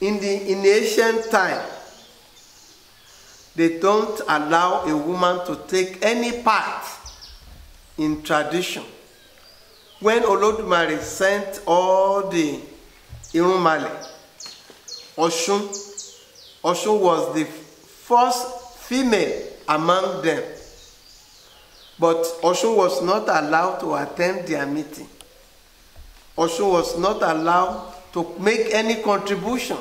In the in ancient time, they don't allow a woman to take any part in tradition. When Olodumare sent all the Irumale, Oshun, Oshun was the first female among them. But Oshun was not allowed to attend their meeting. Oshun was not allowed to make any contribution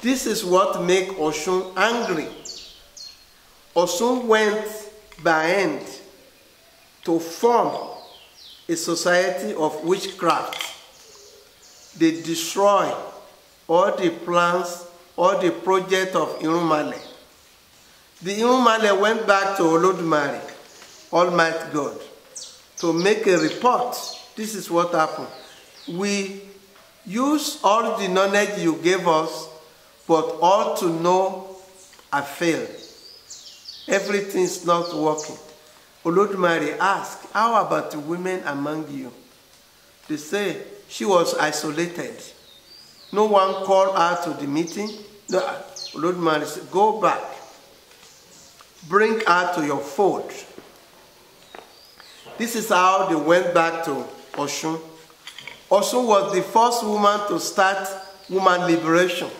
this is what make Oshun angry. Oshun went by end to form a society of witchcraft. They destroy all the plans, all the project of Irumale. The Irumale went back to Olodumare, Almighty God, to make a report. This is what happened. We use all the knowledge you gave us but all to know I failed. Everything's not working. Olodumare asked, How about the women among you? They say she was isolated. No one called her to the meeting. No, Olodumare said, Go back. Bring her to your fold. This is how they went back to Oshun. Oshun was the first woman to start woman liberation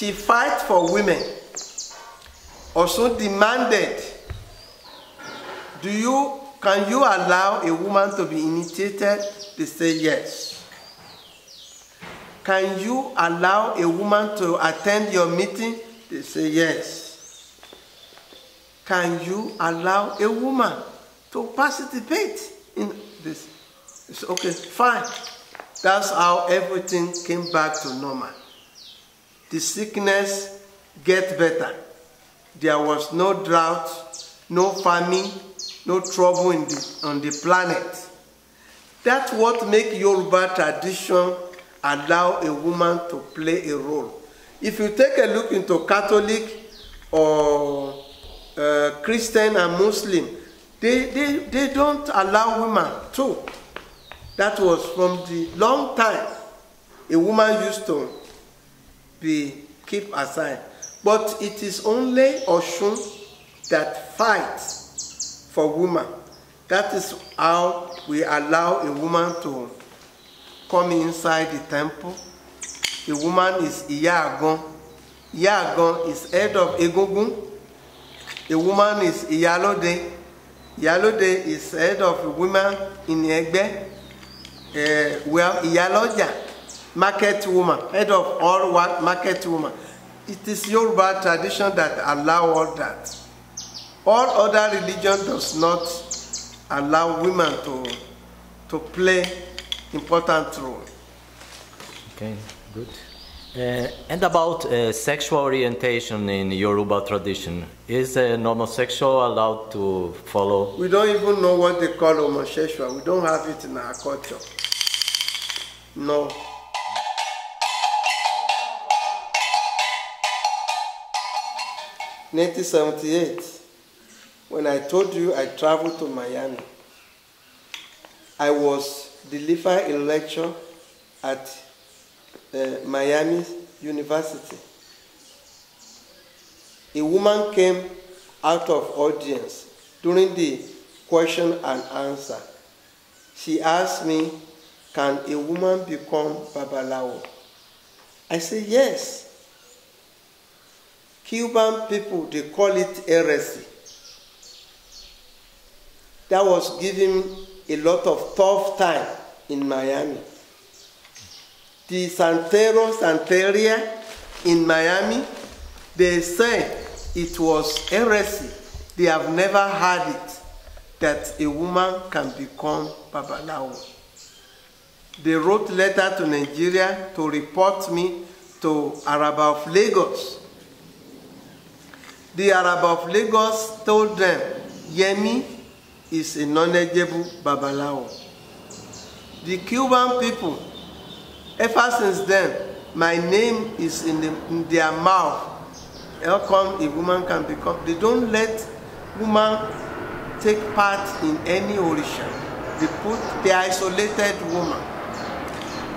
she fight for women. Also demanded, do you, can you allow a woman to be initiated? They say yes. Can you allow a woman to attend your meeting? They say yes. Can you allow a woman to participate in this? It's okay, fine. That's how everything came back to normal the sickness get better. There was no drought, no famine, no trouble the, on the planet. That's what makes Yoruba tradition allow a woman to play a role. If you take a look into Catholic or uh, Christian and Muslim, they, they, they don't allow women to. That was from the long time a woman used to be keep aside. But it is only Oshun that fights for woman. That is how we allow a woman to come inside the temple. The woman is Iyagon. Iyagon is head of Egungun. The woman is Iyalode. Iyalode is head of women in Egbe. Uh, well, Iyaloja market woman, head of all work, market woman. It is Yoruba tradition that allow all that. All other religion does not allow women to, to play important role. Okay, good. Uh, and about uh, sexual orientation in Yoruba tradition, is uh, a homosexual allowed to follow? We don't even know what they call homosexual. We don't have it in our culture. No. 1978, when I told you I traveled to Miami, I was delivering a lecture at uh, Miami University. A woman came out of audience during the question and answer. She asked me, can a woman become Babalawo? I said, yes. Cuban people, they call it heresy. That was giving a lot of tough time in Miami. The Santero Santeria in Miami, they say it was heresy. They have never heard it that a woman can become Babalawo. They wrote letter to Nigeria to report me to Araba of Lagos The Arab of Lagos told them Yemi is a knowledgeable Babalawo. The Cuban people, ever since then, my name is in, the, in their mouth. How come a woman can become? They don't let woman take part in any orisha. They put the isolated woman.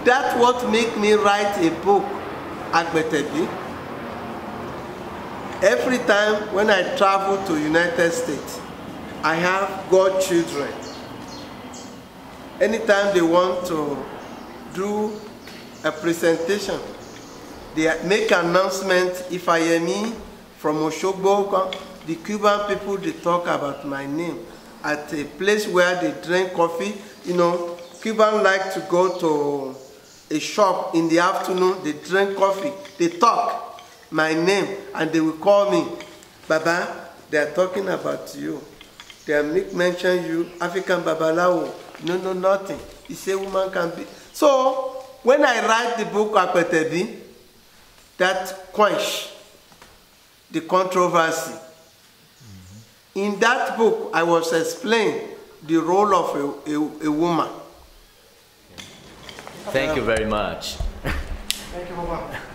That's what make me write a book, Agbetebi. Every time when I travel to United States, I have God godchildren. Anytime they want to do a presentation, they make announcement, if I am me from Oshogbo, the Cuban people, they talk about my name at a place where they drink coffee. You know, Cuban like to go to a shop in the afternoon, they drink coffee, they talk. my name and they will call me. Baba, they are talking about you. They make mention you, African Babalawo. No, no, nothing. He say woman can be. So, when I write the book Akwetebi, that quench the controversy. In that book, I was explaining the role of a, a, a woman. Thank you very much. Thank you, baba